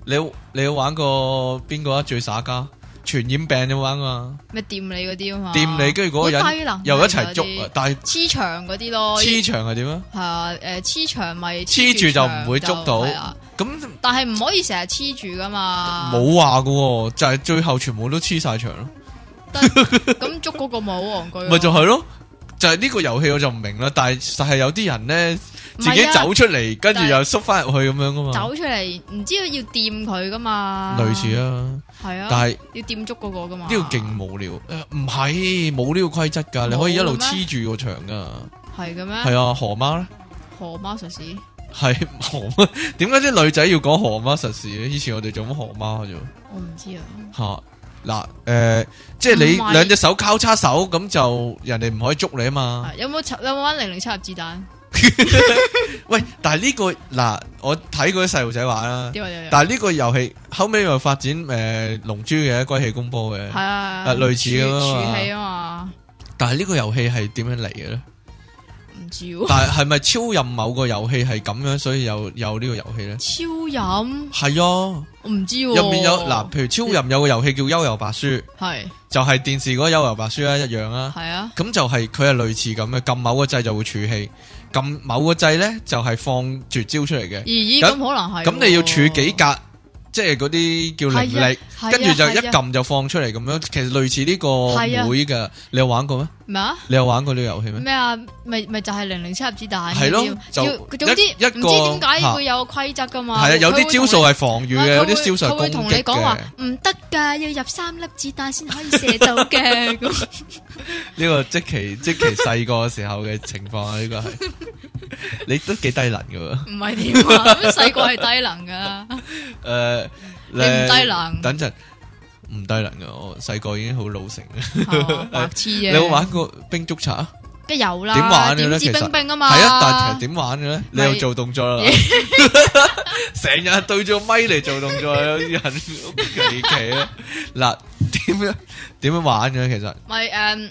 你你玩過邊個啊？最耍家傳染病你玩啊？咩掂你嗰啲啊？掂你跟住嗰個人又一齊捉，但係黐牆嗰啲咯。黐牆係點啊？係啊，誒，黐牆咪黐住就唔會捉到。咁但係唔可以成日黐住噶嘛？冇話嘅，就係最後全部都黐晒牆咯。咁捉嗰個咪好戇居？咪就係咯，就係呢個遊戲我就唔明啦。但係但係有啲人咧。自己走出嚟，跟住又縮翻入去咁樣噶嘛？走出嚟唔知要掂佢噶嘛？類似啊，係啊，但係要掂足嗰個噶嘛？呢個勁無聊誒，唔係冇呢個規則噶，你可以一路黐住個牆噶。係嘅咩？係啊，河馬咧？河馬實事？係河馬？點解啲女仔要講河馬實事咧？以前我哋做乜河馬啫？我唔知啊。吓嗱誒，即係你兩隻手交叉手咁就人哋唔可以捉你啊嘛？有冇有冇玩零零七入子彈？ <laughs> 喂，但係呢，這個嗱，我睇過啲細路仔玩啦。但係呢個遊戲後尾又發展誒龍、呃、珠嘅、龜氣功波嘅，係啊，類似啊嘛。嘛但係呢個遊戲係點樣嚟嘅咧？唔知，啊。但係係咪超任某個遊戲係咁樣，所以有有個遊戲呢個遊戲咧？超任係、嗯、啊，我唔知入，啊、面有嗱，譬如超任有個遊戲叫《幽遊白書》 <laughs> 是，係就係電視嗰《幽遊白書》啦，一樣啦。係 <laughs> 啊，咁就係佢係類似咁嘅，撳某個掣就會儲氣。咁某個掣呢，就係放絕招出嚟嘅。咁、嗯嗯嗯嗯嗯、可能係你要儲幾格？即係嗰啲叫靈力，跟住就一撳就放出嚟咁樣。其實類似呢個會嘅，你有玩過咩？咩啊？你有玩過呢個遊戲咩？咩啊？咪咪就係零零七入子彈係咯，就總之一個唔知點解會有規則噶嘛？係啊，有啲招數係防禦嘅，有啲招數攻擊嘅。佢同你講話唔得噶，要入三粒子彈先可以射到嘅。呢個即其即其細個時候嘅情況啊，呢個係你都幾低能噶？唔係點啊？細個係低能噶。誒，唔低能，等陣唔低能嘅我，細個已經好老成。白痴啫，你有玩過兵捉賊啊？梗有啦，點玩嘅咧？其實兵兵啊嘛，係啊，但係點玩嘅咧？你又做動作啦，成日對住個咪嚟做動作，啲人好奇奇啊！嗱，點樣點樣玩嘅咧？其實唔係誒，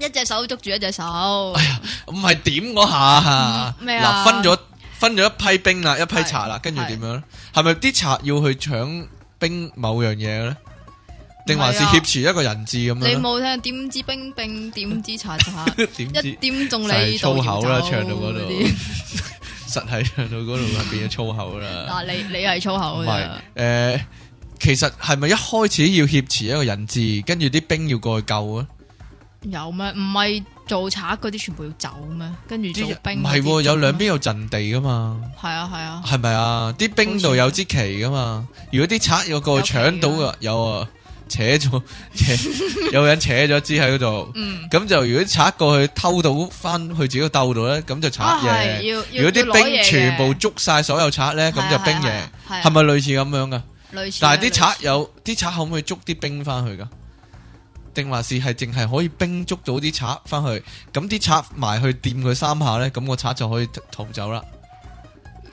一隻手捉住一隻手，唔係點嗰下，嗱分咗。分咗一批兵啦，一批賊啦，跟住點樣咧？係咪啲賊要去搶兵某樣嘢咧？定、啊、還是挾持一個人質咁？你冇聽點知兵兵點知賊？賊？一點仲你粗 <laughs> 口啦，走唱到嗰度，實係 <laughs> 唱到嗰度變咗粗口啦。嗱， <laughs> 你你係粗口係，誒、呃，其實係咪一開始要挾持一個人質，跟住啲兵要過去救啊？有咩？唔係。做賊嗰啲全部要走咩？跟住啲兵唔係、啊、有兩邊有陣地噶嘛？係啊係啊，係咪啊？啲、啊、兵度有支旗噶嘛？如果啲賊有過去搶到啊，有啊，扯咗扯， <laughs> 有人扯咗支喺嗰度，咁、 <laughs> 嗯、就如果賊過去偷到翻去自己個竇度咧，咁就賊贏。啊啊、如果啲兵全部捉晒所有賊咧，咁就兵贏。係咪、啊啊啊啊、類似咁樣噶？類似。但係啲賊有啲賊可唔可以捉啲兵翻去噶？定話是係淨係可以兵捉到啲賊翻去，咁啲賊埋去掂佢三下咧，咁個賊就可以逃走啦。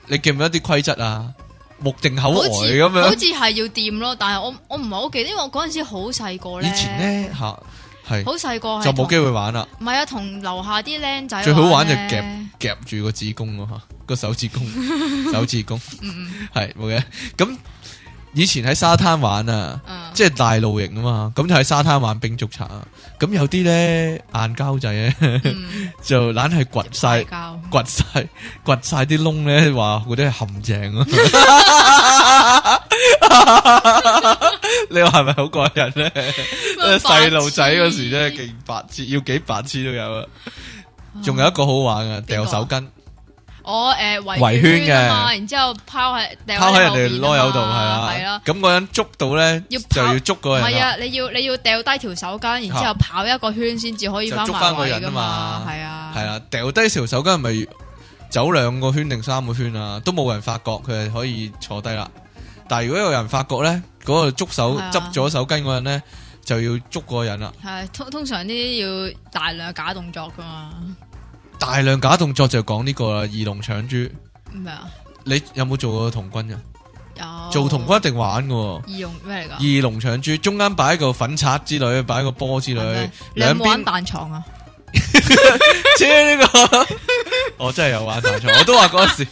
你記唔記得啲規則啊？目定口呆咁樣，好似係要掂咯。但係我我唔係好記得，因為我嗰陣時好細個咧。以前咧吓係好細個就冇機會玩啦。唔係啊，同樓下啲僆仔最好玩就夾夾住個指公咯吓，個手指公手指公，係冇嘅咁。以前喺沙灘玩啊，嗯、即係大露營啊嘛，咁就喺沙灘玩兵捉賊，咁有啲咧硬膠仔咧、嗯、 <laughs> 就懶係掘晒膠，掘晒掘晒啲窿咧話嗰啲係陷阱啊！ <laughs> <laughs> <laughs> 你話係咪好過癮咧？細路仔嗰時咧，勁白痴，要幾百次都有啊！仲 <laughs> 有一個好玩啊，掉誰手巾。我誒，圍圈嘅，然之後拋喺拋喺人哋籮柚度係啦，咁嗰人捉到咧就要捉嗰個人。係啊，你要你要掉低條手巾，啊、然之後跑一個圈先至可以翻捉翻個人啊嘛，係啊。係啊，掉低條手巾係咪走兩個圈定三個圈啊？都冇人發覺佢係可以坐低啦。但係如果有人發覺咧，嗰、嗰個捉手執咗、啊、手巾嗰人咧，就要捉嗰個人啦。係、啊、通，通常呢啲要大量嘅假動作㗎嘛。大量假動作就講呢個啦，二龍搶珠。咩啊？你有冇做過童軍嘅？有做童軍一定玩嘅。二龍咩嚟噶？二龍搶珠，中間擺一個粉刷之類，擺個波之類。兩玩彈床啊？即係呢個，我真係有玩彈床。我都話嗰時，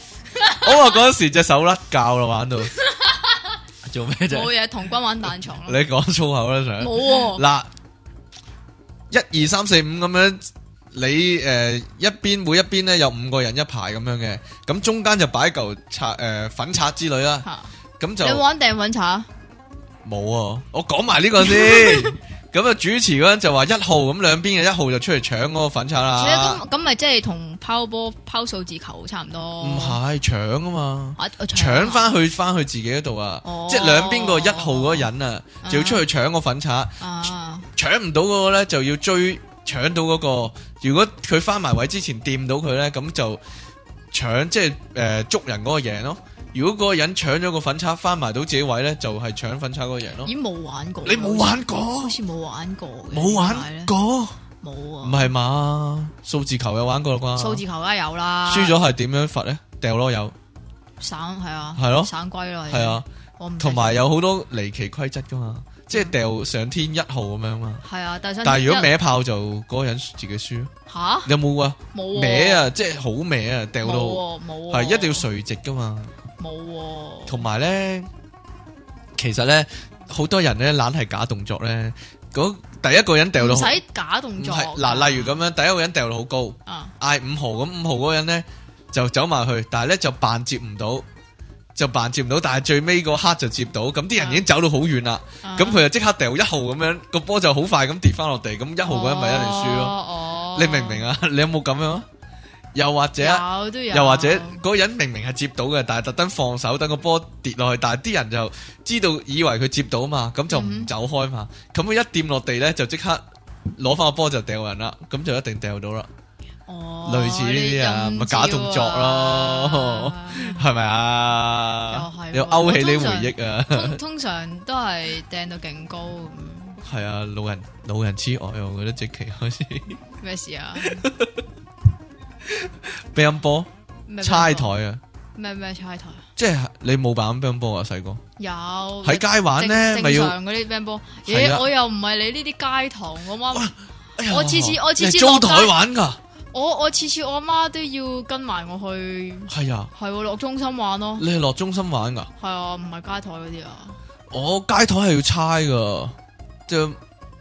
我話嗰時隻手甩教咯，玩到做咩啫？冇嘢，童軍玩彈床咯。你講粗口啦，想冇嗱一二三四五咁樣。你誒、呃、一邊每一邊咧有五個人一排咁樣嘅，咁中間就擺嚿刷誒粉刷之類啦。咁就你玩定粉刷？冇啊！我講埋呢個先。咁啊 <laughs> 主持嗰陣就話一號咁兩邊嘅一號就出嚟搶嗰個粉刷啦。咁咁咪即係同拋波拋數字球差唔多？唔係搶啊嘛，搶翻、啊、去翻去自己嗰度、哦、啊！即係兩邊個一號嗰個人啊，就要出去搶個粉刷。搶唔、啊、到嗰個咧就要追搶到嗰個,、嗰個。如果佢翻埋位之前掂到佢咧，咁就搶即係誒、呃、捉人嗰個贏咯。如果嗰個人搶咗個粉叉翻埋到自己位咧，就係、是、搶粉叉嗰個贏咯。已經冇玩過，你冇玩過，好似冇玩，玩過，冇玩過，冇啊。唔係嘛，數字球有玩過啩？數字球梗係有啦。輸咗係點樣罰咧？掉籮有！省係啊，係咯，省歸咯。係啊，同埋有好多離奇規則噶嘛。即係掉上天一號咁樣嘛，係啊，但係如果歪炮就嗰個人自己輸。吓有冇啊？冇歪啊，即係好歪啊，掉到係一定要垂直噶嘛。冇。同埋咧，其實咧，好多人咧，懶係假動作咧。嗰第一個人掉到，唔使假動作。嗱，例如咁樣，第一個人掉到好高，嗌五號咁，五號嗰個人咧就走埋去，但係咧就扮接唔到。就扮接唔到，但係最尾個刻就接到，咁啲人已經走到好遠啦，咁佢、啊、就即刻掉一號咁樣，個波就好快咁跌翻落地，咁一號嗰人，咪一定輸咯。啊啊、你明唔明啊？你有冇咁樣？又或者有都有，又或者嗰、那個、人明明係接到嘅，但係特登放手等個波跌落去，但係啲人就知道以為佢接到嘛，咁就唔走開嘛，咁佢、嗯、哼一掂落地呢，就即刻攞翻個波就掉人啦，咁就一定掉到啦。類似呢啲啊，咪假動作咯，係咪啊？又勾起你回憶啊！通常都係掟到勁高咁。係啊，老人老人痴呆，我覺得積淇開始咩事啊？乒乓波猜台啊？咩咩猜台？即係你冇辦法乒乓波啊，細個有喺街玩咧，咪要嗰啲乒乓波？嘢，我又唔係你呢啲街堂，我媽，我次次我次次都拆玩噶。我我次次我阿媽都要跟埋我去，係啊，係落、啊、中心玩咯、哦。你係落中心玩噶？係啊，唔係街台嗰啲啊。我、哦、街台係要猜噶，就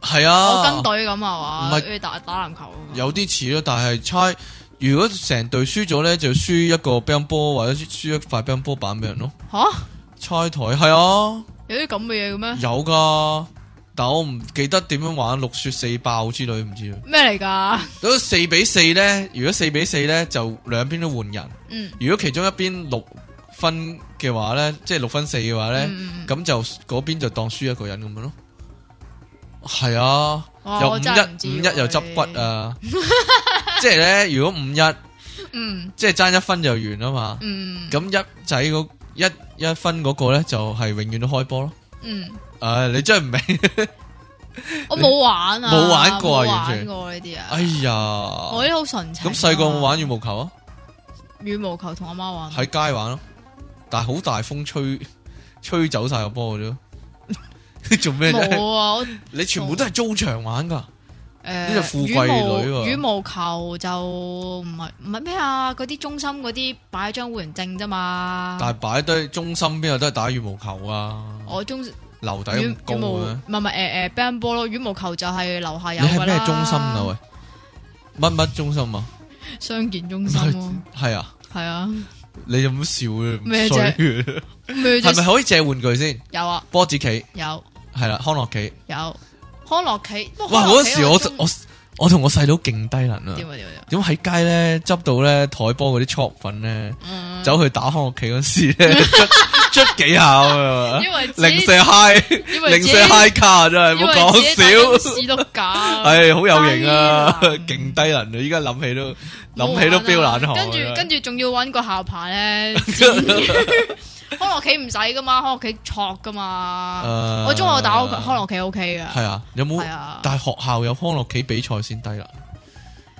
係啊。我跟隊咁啊嘛，唔係要打打籃球。有啲似咯，但係猜。如果成隊輸咗咧，就輸一個乒乓波或者輸一塊乒乓波板俾人咯。吓、啊，猜台係啊？有啲咁嘅嘢嘅咩？有噶。但我唔記得點樣玩六雪四爆之類，唔知咩嚟噶？到四比四呢，如果四比四呢，就兩邊都換人。嗯、如果其中一邊六分嘅話呢，即係六分四嘅話呢，咁、嗯、就嗰邊就當輸一個人咁樣咯。係啊，哇又五一五、啊、一又執骨啊！你 <laughs> 即係呢，如果五一，嗯，即係爭一分就完啦嘛。嗯，咁一仔嗰一一分嗰個呢，就係、是、永遠都開波咯。嗯。誒，你真係唔明，我冇玩啊，冇玩過啊，完全過呢啲啊。哎呀，我啲好純情。咁細個有冇玩羽毛球啊？羽毛球同阿媽玩，喺街玩咯，但係好大風吹，吹走晒個波啫。做咩啫？冇啊，你全部都係租場玩噶？誒，呢個富貴女羽毛球就唔係唔係咩啊？嗰啲中心嗰啲擺張會員證啫嘛。但係擺堆中心邊度都係打羽毛球啊？我中。樓底唔高咩？唔係唔係，誒誒，乒乓波咯，羽毛球就係樓下有噶啦。你係咩中心啊？喂，乜乜中心啊？商健中心。係啊。係啊。你有冇笑嘅？咩啫？咩啫？係咪可以借玩具先？有啊。波子棋有。係啦，康樂棋有。康樂棋。哇！嗰時我我。我同我細佬勁低能啊！點喺街咧執到咧台波嗰啲 chop 粉咧，走去打開屋企嗰時咧捽捽幾下啊！因為零舍嗨，因為零舍嗨卡，真係唔講笑，試都假。係好有型啊，勁低能啊！依家諗起都諗起都飆冷汗。跟住跟住仲要揾個下巴咧。康樂棋唔使噶嘛，康樂棋錯噶嘛。我中學打康樂棋 O K 噶。係啊，有冇？係啊。但係學校有康樂棋比賽先低啦，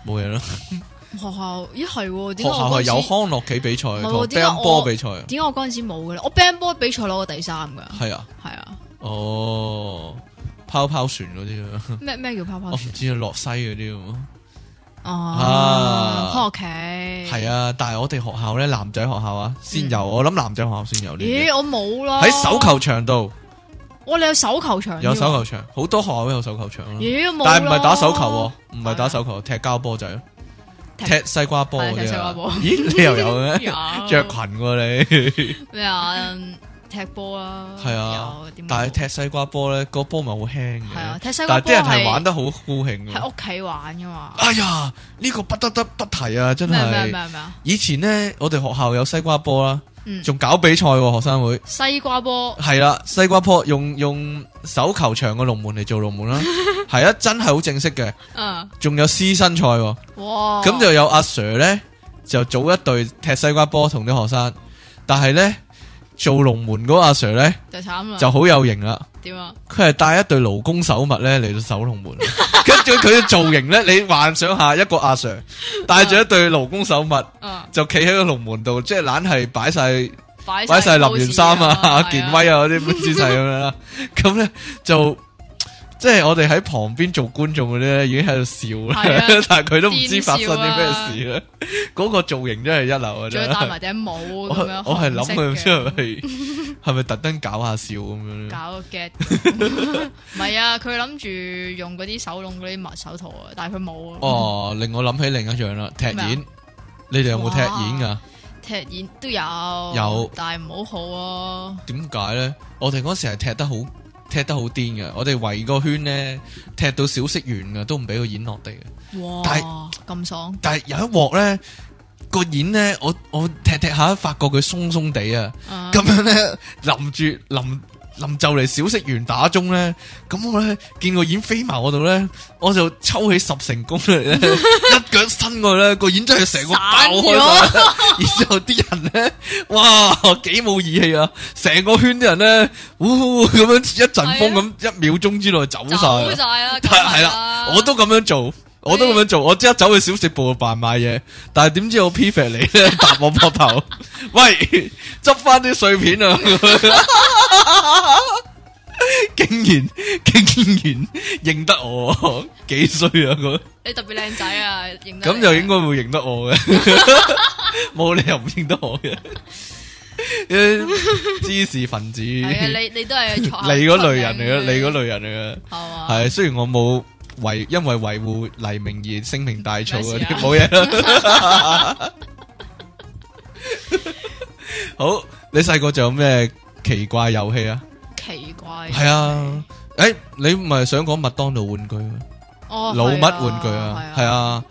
冇嘢啦。學校咦係？啊、學校係有康樂棋比賽同 band ball 比賽。點解、啊、我嗰陣時冇嘅咧？我 band ball 比賽攞過第三噶。係啊，係啊。哦，拋拋船嗰啲咩咩叫拋拋船？我唔知啊，落西嗰啲。哦，開學期係啊，但係我哋學校咧男仔學校啊，先有我諗男仔學校先有呢啲。咦，我冇咯。喺手球場度，哇，你有手球場？有手球場，好多學校都有手球場咯。咦，但係唔係打手球，唔係打手球，踢膠波仔咯，踢西瓜波，踢西瓜波。咦，你又有咩？着裙喎你？咩啊？踢波啊？係啊，但係踢西瓜波咧，個波咪好輕嘅。係啊，踢西瓜波，但係啲人係玩得好高興嘅。喺屋企玩噶嘛？哎呀，呢個不得得不提啊，真係。咩咩咩咩啊！以前呢，我哋學校有西瓜波啦，仲搞比賽學生會。西瓜波係啦，西瓜波用用手球場嘅龍門嚟做龍門啦，係啊，真係好正式嘅。仲有師生賽，哇！咁就有阿 Sir 咧，就組一隊踢西瓜波同啲學生，但係呢。做龍門嗰阿 Sir 咧，就慘啦，就好有型啦。點啊樣？佢係帶一對勞工手襪咧嚟到守龍門， <laughs> 跟住佢嘅造型咧，你幻想一下一個阿 Sir 帶住一對勞工手襪，就企喺個龍門度，即係懶係擺晒擺晒林完衫啊，健威啊啲姿勢咁樣，咁咧就。即係我哋喺旁邊做觀眾嘅咧，已經喺度笑啦，但係佢都唔知發生啲咩事咧。嗰個造型真係一流啊！再戴埋頂帽咁樣，我係諗佢唔知係係咪特登搞下笑咁樣。搞個 gag 唔係啊？佢諗住用嗰啲手籠嗰啲抹手套啊，但係佢冇啊。哦，令我諗起另一樣啦，踢毽，你哋有冇踢毽噶？踢毽都有，有，但係唔好好啊。點解咧？我哋嗰時係踢得好。踢得好癲嘅，我哋圍個圈，咧踢到小息完啊，都唔俾佢演落地嘅。哇！咁但爽！但係有一鑊咧，個演咧，我我踢踢下，發覺佢鬆鬆地啊，咁、嗯、樣咧，淋住淋。林就嚟小食員打鐘咧，咁我咧見個演飛埋嗰度咧，我就抽起十成功嚟，一腳伸過去咧，個演真係成個爆開，然之後啲人咧，哇幾冇義氣啊！成個圈啲人咧，嗚咁樣似一陣風咁，一秒鐘之內走晒，就係啦，係啦，我都咁樣做，我都咁樣做，我即刻走去小食部度扮買嘢，但係點知我 P 肥嚟，搭我膊頭，喂，執翻啲碎片啊！竟然竟然認得我，幾衰啊！佢、那個、你特別靚仔啊，認得咁就應該會認得我嘅，冇 <laughs> <laughs> 理由唔認得我嘅。 <laughs> 知識分子，你你都係你嗰類人嚟嘅，你嗰類人嚟嘅，係啊。雖然我冇維，因為維護黎明而聲名大噪啊，冇嘢。好，你細個仲有咩？奇怪遊戲啊！奇怪係啊！誒，你唔係想講麥當勞玩具啊？哦，老乜玩具啊？係啊。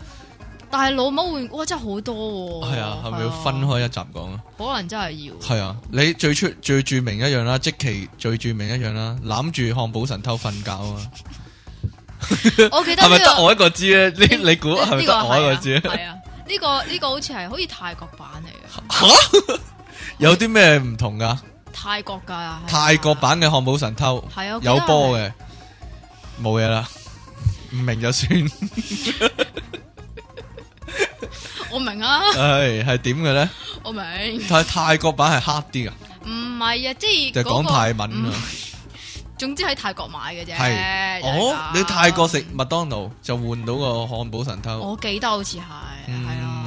但係老乜玩具哇，真係好多。係啊，係咪要分開一集講啊？可能真係要。係啊，你最出最著名一樣啦，即其最著名一樣啦，攬住漢堡神偷瞓覺啊！我記得係咪得我一個知咧？你你估係咪得我一個知咧？呢個呢個好似係好似泰國版嚟嘅。有啲咩唔同噶？泰國噶，泰國版嘅漢堡神偷係啊，有波嘅，冇嘢啦，唔明就算。我明啊，係係點嘅咧？我明，但係泰國版係黑啲啊！唔係啊，即係講泰文啊。總之喺泰國買嘅啫。係哦，你泰國食麥當勞就換到個漢堡神偷，我記得好似係，係啊。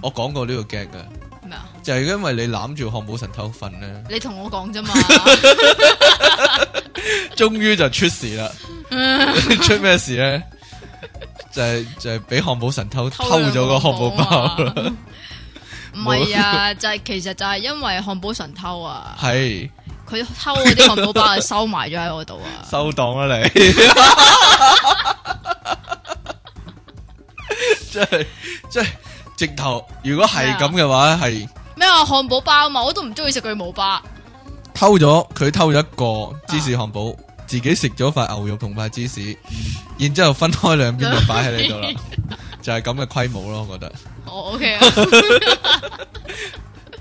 我講過呢個 gag 㗎就係因為你攬住漢堡神偷瞓咧，你同我講啫嘛，終 <laughs> 於 <laughs> 就出事啦。 <laughs> 出咩事咧、 <laughs> 就是？就係就係俾漢堡神偷偷咗個漢堡包，唔係 <laughs> 啊，就係、是、其實就係因為漢堡神偷啊，係佢是偷嗰啲漢堡包 <laughs> 收埋咗喺我度啊，收檔啊你，即係即係直頭，如果係咁嘅話係。麼咩啊，漢堡包，包嘛，我都唔中意食佢冇包。偷咗佢偷咗一個芝士漢堡，啊、自己食咗塊牛肉同塊芝士，嗯、然之後分開兩邊就擺喺你度啦， <laughs> 就係咁嘅規模咯，我覺得。哦、o、okay、K 啊。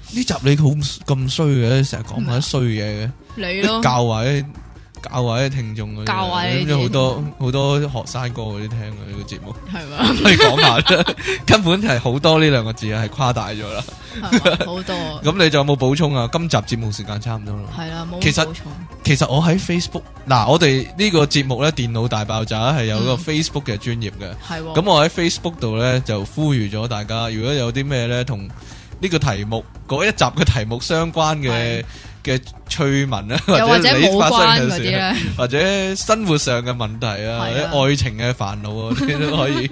呢 <laughs> <laughs> 集你好咁衰嘅，成日講埋衰嘢嘅。你咯。你教委。教位聽眾嗰啲，咁樣好多好多，多學生哥嗰啲聽啊呢、這個節目，係嗎可以講下， <laughs> 根本係好多呢兩個字係誇大咗啦，好嗎 <laughs> 多。咁你仲有冇補充啊？今集節目時間差唔多啦，係啦、啊，冇補充其實。其實我喺 Facebook 嗱，我哋呢個節目咧，電腦大爆炸係有個 Facebook 嘅專頁嘅，係喎、嗯哦、咁我喺 Facebook 度咧就呼籲咗大家，如果有啲咩咧同呢個題目嗰一集嘅題目相關嘅。嘅趣聞啊，或者你發生嘅事啊，或者生活上嘅問題啊，或者愛情嘅煩惱啊，你都可以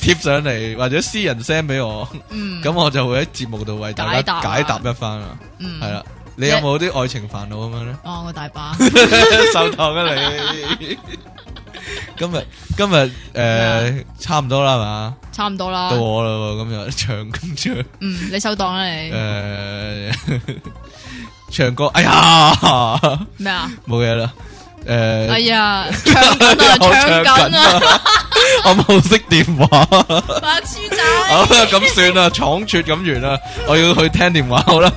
貼上嚟，或者私人 send 俾我，咁我就會喺節目度為大家解答一番啊。係啦，你有冇啲愛情煩惱咁樣咧？哦，我大把。收檔啦你。今日今日誒，差唔多啦嘛，差唔多啦，到我啦，今日唱咁唱。嗯，你收檔啦你。誒。唱歌，哎呀，咩啊？冇嘢啦。誒，哎呀，唱緊啊，唱緊啊，我冇識電話白痴仔。好啦，咁算啦，倉卒咁完啦，我要去聽電話。好啦，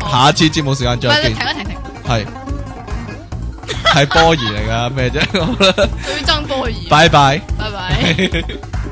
下次節目時間再見。停停停，係係波儀嚟㗎咩啫？對，爭波儀，拜拜拜拜。